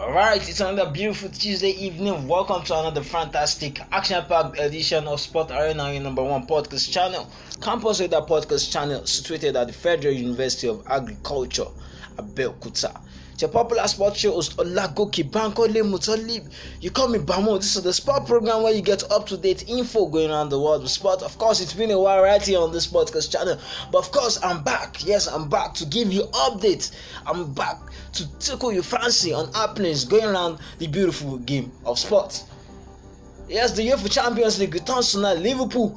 All right, it's another beautiful Tuesday evening. Welcome to another fantastic action-packed edition of Sport Arena, your number one podcast channel. Campus Radar podcast channel situated at the Federal University of Agriculture, Abeokuta. The popular sports show host Olagoke Bankole Mutolib. You call me Bamo. This is the sport program where you get up to date info going around the world with sport. Of course, it's been a while right here on this podcast channel, but of course, I'm back. Yes, I'm back to give you updates. I'm back to tickle your fancy on happenings going around the beautiful game of sport. Yes, the UEFA Champions League returns tonight. Liverpool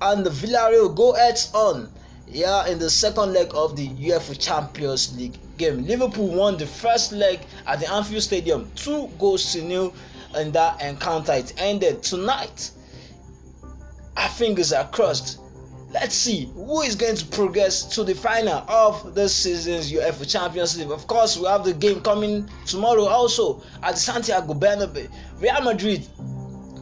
and the Villarreal go heads on yeah, in the second leg of the UEFA Champions League game. Liverpool won the first leg at the Anfield Stadium, two goals to nil in that encounter. It ended tonight. Our fingers are crossed. Let's see who is going to progress to the final of this season's UEFA Champions League. Of course, we have the game coming tomorrow also at Santiago Bernabeu. Real Madrid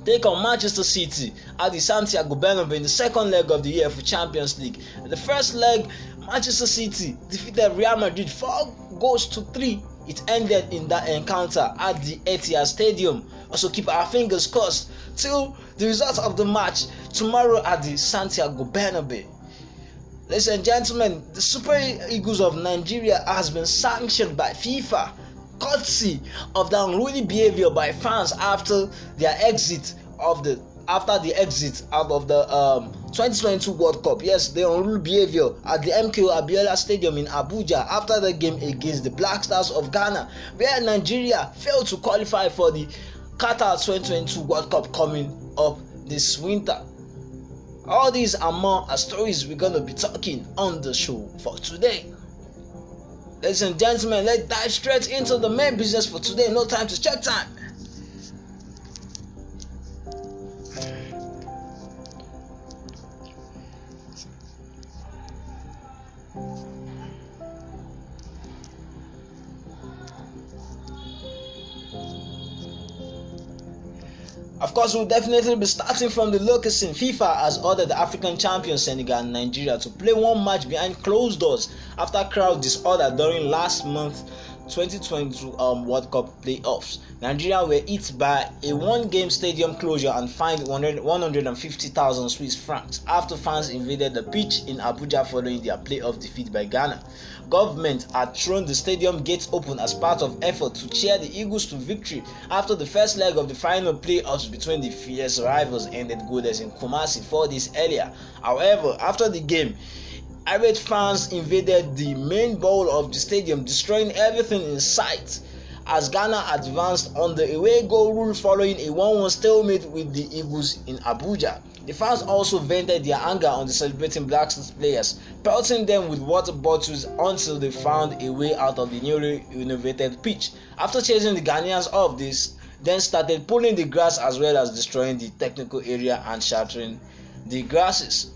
take on Manchester City at the Santiago Bernabeu in the second leg of the UEFA Champions League. In the first leg, Manchester City defeated Real Madrid 4 goals to 3. It ended in that encounter at the Etihad Stadium. Also, keep our fingers crossed till the result of the match tomorrow at the Santiago Bernabeu. Ladies and gentlemen, the Super Eagles of Nigeria has been sanctioned by FIFA courtesy of the unruly behavior by fans after their exit of the after the exit out of the um, 2022 World Cup. Yes, the unruly behavior at the MKO Abiola Stadium in Abuja after the game against the Black Stars of Ghana, where Nigeria failed to qualify for the Qatar 2022 World Cup coming up this winter. All these and more are stories we're going to be talking on the show for today. Ladies and gentlemen, let's dive straight into the main business for today. No time to check time. Of course, we'll definitely be starting from the in FIFA as ordered the African champions Senegal and Nigeria to play one match behind closed doors after crowd disorder during last month's 2022 um, World Cup playoffs. Nigeria were hit by a one-game stadium closure and fined 100, 150,000 Swiss francs after fans invaded the pitch in Abuja following their playoff defeat by Ghana. Government had thrown the stadium gates open as part of effort to cheer the Eagles to victory after the first leg of the final playoffs between the fierce rivals ended goalless in Kumasi four days earlier. However, after the game, Irate fans invaded the main bowl of the stadium, destroying everything in sight as Ghana advanced on the away goal rule following a 1 1 stalemate with the Eagles in Abuja. The fans also vented their anger on the celebrating Black players, pelting them with water bottles until they found a way out of the newly renovated pitch. After chasing the Ghanaians off this, then started pulling the grass as well as destroying the technical area and shattering the grasses.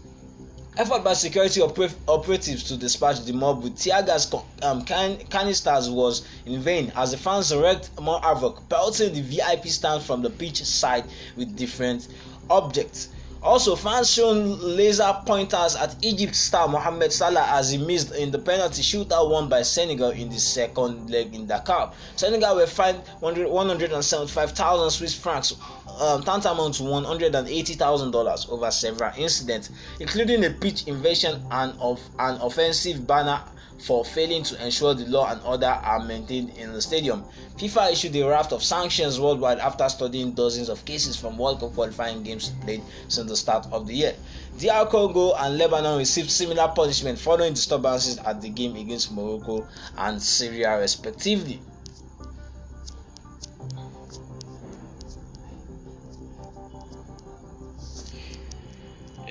Effort by security oper- operatives to dispatch the mob with tear gas um, can- canisters was in vain as the fans wreaked more havoc, pelting the VIP stand from the pitch side with different objects. Also, fans shown laser pointers at Egypt star Mohamed Salah as he missed in the penalty shootout won by Senegal in the second leg in the Cup. Senegal were fined 175,000 Swiss francs, um, tantamount to $180,000 over several incidents, including a pitch invasion and of an offensive banner for failing to ensure the law and order are maintained in the stadium. FIFA issued a raft of sanctions worldwide after studying dozens of cases from World Cup qualifying games played since the start of the year. DR Congo and Lebanon received similar punishment following disturbances at the game against Morocco and Syria, respectively.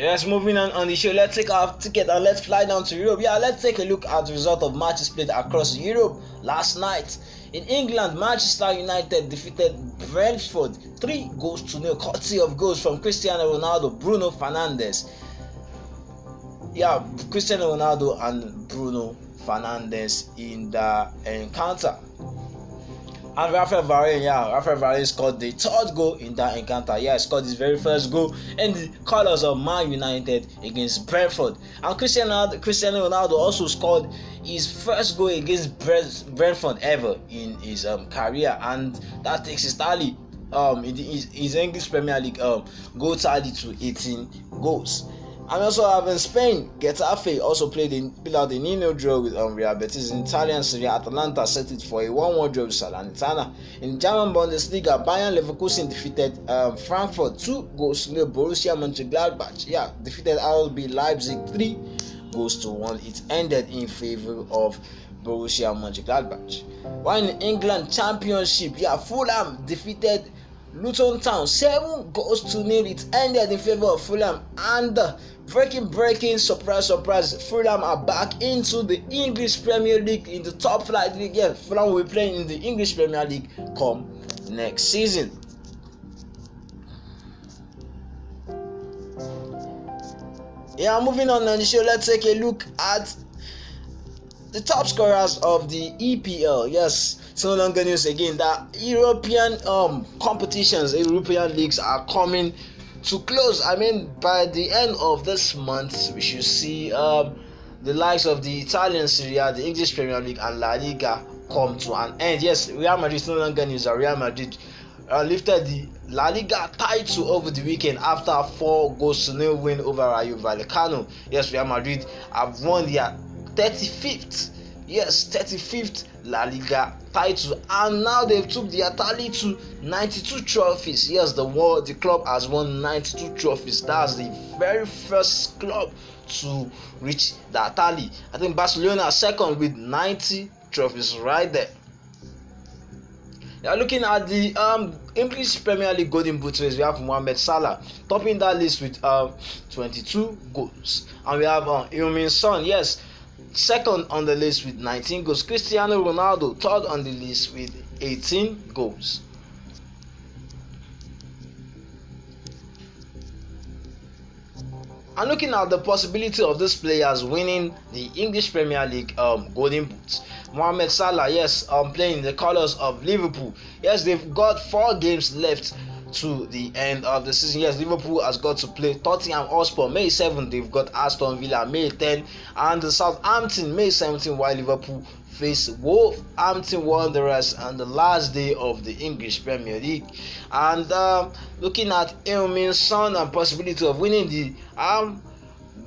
Yes, moving on on the show, let's take our ticket and let's fly down to Europe. Yeah, let's take a look at the result of matches played across Europe last night. In England, Manchester United defeated Brentford three goals to nil, courtesy of goals from Cristiano Ronaldo, Bruno Fernandes. Yeah, Cristiano Ronaldo and Bruno Fernandes in the encounter. And Rafael Varane, yeah, Rafael Varane scored the third goal in that encounter. Yeah, he scored his very first goal in the colours of Man United against Brentford. And Cristiano, Cristiano Ronaldo also scored his first goal against Brentford ever in his um, career, and that takes his tally um in the, his, his English Premier League um goal tally to eighteen goals. And also having Spain, Getafe also played in played out a draw with um, Real Betis in Italian Serie Atalanta set it for a 1-1 draw with Salernitana. In German Bundesliga, Bayern Leverkusen defeated um, Frankfurt 2 goals to nil. Borussia Mönchengladbach, yeah, defeated RB Leipzig 3 goals to 1. It ended in favor of Borussia Mönchengladbach. While in England Championship, yeah, Fulham defeated Luton Town. Seven goals to nil. It ended in favour of Fulham and uh, breaking breaking surprise surprise Fulham are back into the English Premier League in the top flight league. Yeah, Fulham will be playing in the English Premier League come next season. Yeah, moving on and the show, let's take a look at the top scorers of the EPL. Yes, it's no longer news again that European um competitions, European leagues are coming to close. I mean, by the end of this month, we should see um the likes of the Italian Serie the English Premier League, and La Liga come to an end. Yes, Real Madrid no longer news. Real Madrid uh, lifted the La Liga title over the weekend after four goals to nil win over Rayo Vallecano. Yes, Real Madrid have won their 35th yes 35th La Liga title and now they've took the tally to 92 trophies yes the world the club has won 92 trophies that's the very first club to reach that tally I think Barcelona second with 90 trophies right there Now are looking at the um, English Premier League golden boot race. We have Mohamed Salah topping that list with um, 22 goals, and we have um, Son. Yes, second on the list with 19 goals. Cristiano Ronaldo third on the list with 18 goals. And looking at the possibility of these players winning the English Premier League um, Golden Boots, Mohamed Salah, yes, um, playing the colours of Liverpool. Yes, they've got four games left to the end of the season. Yes, Liverpool has got to play Tottenham Hotspur May 7th. They've got Aston Villa May 10th and the Southampton May 17th. While Liverpool face Wolverhampton Wanderers on the last day of the English Premier League. And um, looking at Elmin Son and possibility of winning the um,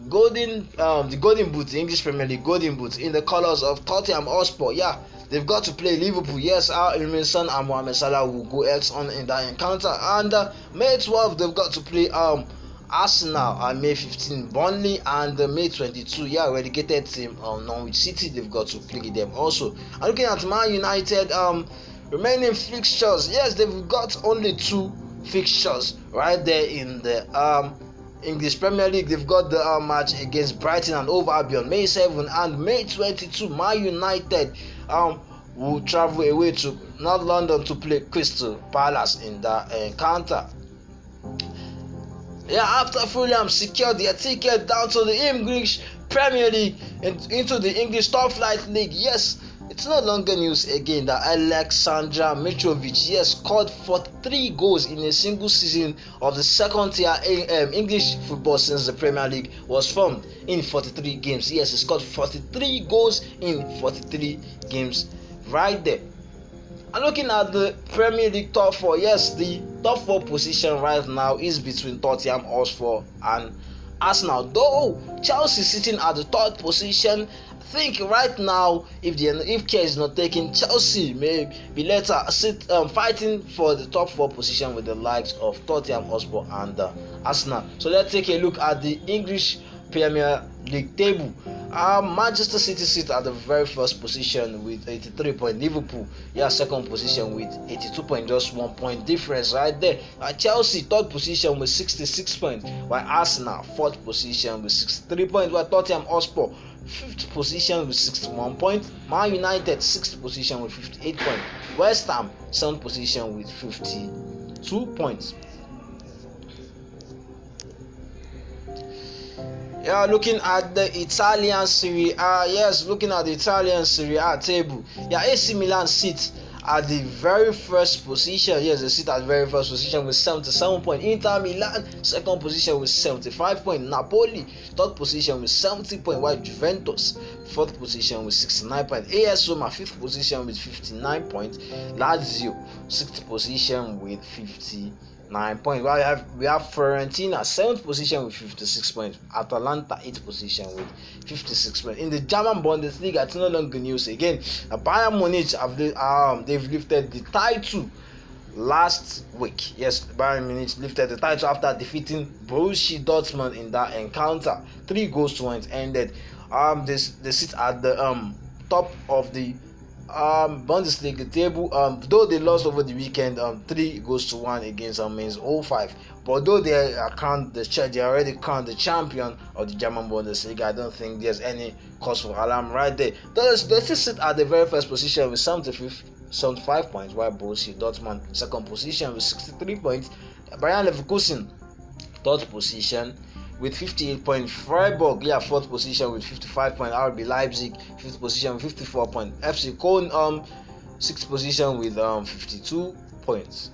Golden um, the Golden Boot, the English Premier League Golden Boot in the colours of Tottenham Hotspur. Yeah They've got to play Liverpool. Yes, our Son and Mohamed Salah will go else on in that encounter. And uh, May 12, they've got to play um Arsenal on May 15, Burnley, and uh, May 22, yeah, relegated team um, Norwich City. They've got to play them also. And looking at Man United, um, remaining fixtures, yes, they've got only two fixtures right there in the um English Premier League. They've got the uh, match against Brighton and Over Albion May 7 and May 22. Man United um, will travel away to North London to play Crystal Palace in that encounter. Yeah, after Fulham secured their ticket down to the English Premier League and into the English Top Flight League, yes, it's no longer news again that Alexandra Mitrovic, yes, scored for three goals in a single season of the second tier um, English football since the Premier League was formed in 43 games. Yes, he scored 43 goals in 43 games right there. And looking at the Premier League top four, yes, the top four position right now is between Tottenham Hotspur and Arsenal. Though Chelsea sitting at the third position, think right now if the if care is not taken chelsea may be later sit um, fighting for the top four position with the likes of tottenham hotspur and uh, arsenal so let's take a look at the english premier league table uh, manchester city sit at the very first position with 83 point liverpool yeah second position with 82 point just one point difference right there uh, chelsea third position with 66 points while arsenal fourth position with 63 points while tottenham hotspur fifth position with sixty one points. Man United sixth position with fifty eight points. West Ham seventh position with fifty two points. Yeah, looking at the Italian Serie A, yes, looking at the Italian Serie A table. Yeah, AC Milan sits at the very first position. Yes, they sit at the very first position with 77 points. Inter Milan, second position with 75 points. Napoli, third position with 70 points. While Juventus, fourth position with 69 points. AS Roma, fifth position with 59 points. Lazio, sixth position with 50 nine points. We have we have Fiorentina seventh position with 56 points. Atalanta eighth position with 56 points. In the German Bundesliga, it's no longer news again. Uh, Bayern Munich have um they've lifted the title last week. Yes, Bayern Munich lifted the title after defeating Borussia Dortmund in that encounter. Three goals to one. ended. Um, this they sit at the um top of the um Bundesliga table. Um, though they lost over the weekend, um, three goes to one against um means 05. But though they are count the they already count the champion of the German Bundesliga, I don't think there's any cause for alarm right there. They still sit at the very first position with 75, 75 points, while Borussia Dortmund second position with 63 points. Bayern Leverkusen third position with 58 points. Freiburg, yeah, fourth position with 55 points. RB Leipzig, fifth position, 54 points. FC Köln, um, sixth position with um 52 points.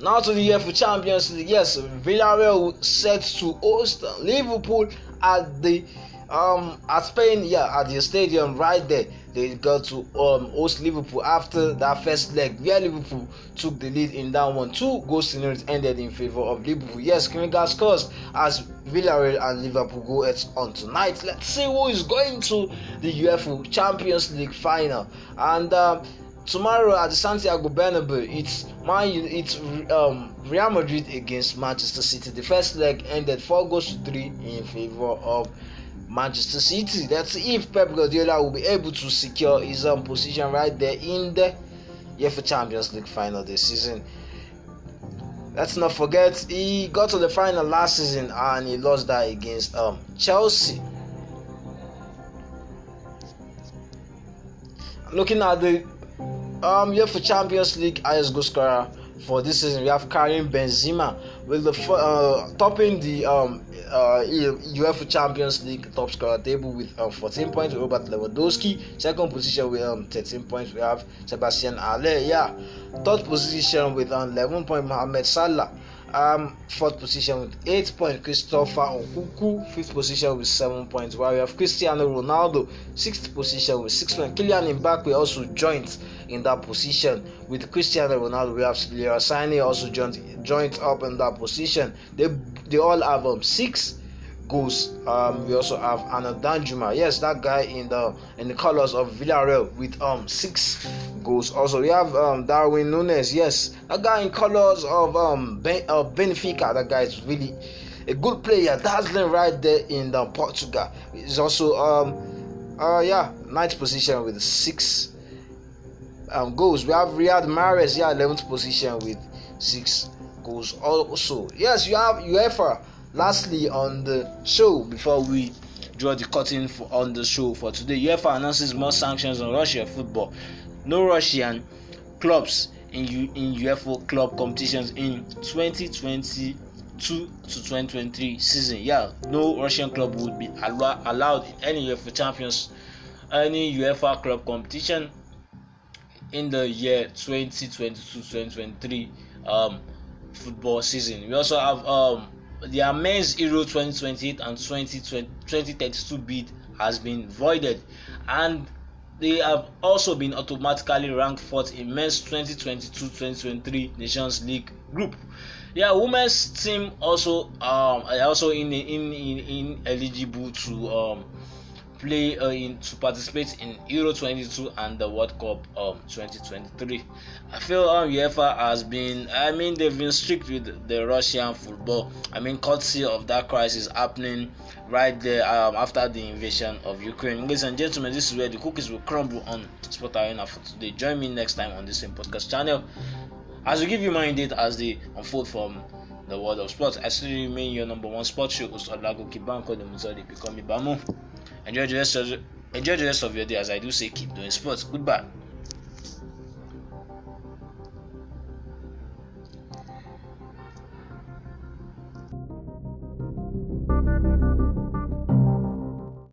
Now to the UEFA Champions League. Yes, Villarreal set to host Liverpool at the um at Spain, yeah, at the stadium right there they got to um, host Liverpool after that first leg where Liverpool took the lead in that one. Two goal scenarios ended in favour of Liverpool. Yes, Kringle scores as Villarreal and Liverpool go head on tonight. Let's see who is going to the UEFA Champions League final. And uh, tomorrow at the Santiago Bernabeu, it's my it's um, Real Madrid against Manchester City. The first leg ended four goals to three in favour of Manchester City. That's if Pep Guardiola will be able to secure his own position right there in the UEFA Champions League final this season. Let's not forget he got to the final last season and he lost that against um, Chelsea. Looking at the um, UEFA Champions League highest goal scorer for this season, we have Karim Benzema with the uh, topping the um, uh, UEFA Champions League top scorer table with uh, 14 points. Robert Lewandowski, second position with um, 13 points. We have Sebastian Haller, yeah, third position with um, 11 points. Mohamed Salah, um, fourth position with eight points, Christopher Okuku. Fifth position with seven points, while we have Cristiano Ronaldo. Sixth position with six points. Kylian Mbappe also joined in that position with Cristiano Ronaldo. We have Leroy Sané also joined joined up in that position. They they all have um, six goals. Um, we also have Anadanjuma. Yes, that guy in the in the colors of Villarreal with um six goals. Also, we have um, Darwin Nunes. Yes, that guy in colors of um ben, uh, Benfica. That guy is really a good player, dazzling right there in the Portugal. He's also um uh yeah ninth position with six um goals. We have Riyad Mahrez. Yeah, eleventh position with six goals. Also, yes, you have UEFA Lastly, on the show, before we draw the curtain for, on the show for today, UEFA announces more sanctions on Russia football. No Russian clubs in, U- in UEFA club competitions in 2022 to 2023 season. Yeah, no Russian club would be allo- allowed in any UEFA Champions, any UEFA club competition in the year 2022-2023 um, football season. We also have um, the men's Euro 2028 and 2032 bid has been voided, and they have also been automatically ranked fourth in men's 2022-2023 Nations League group. Yeah, women's team also um, are also in, in in in eligible to um, play uh, in to participate in Euro 22 and the World Cup um 2023. I feel um, UEFA has been I mean they've been strict with the Russian football. I mean courtesy of that crisis happening right there um, after the invasion of Ukraine. Ladies and gentlemen, this is where the cookies will crumble on Sport Arena for today. Join me next time on the same podcast channel as we give you my date as they unfold from the world of sports. I still remain your number one sports show host Olago the Demuzodi. Become Ibamu. Enjoy the rest of enjoy the rest of your day as I do say keep doing sports. Goodbye.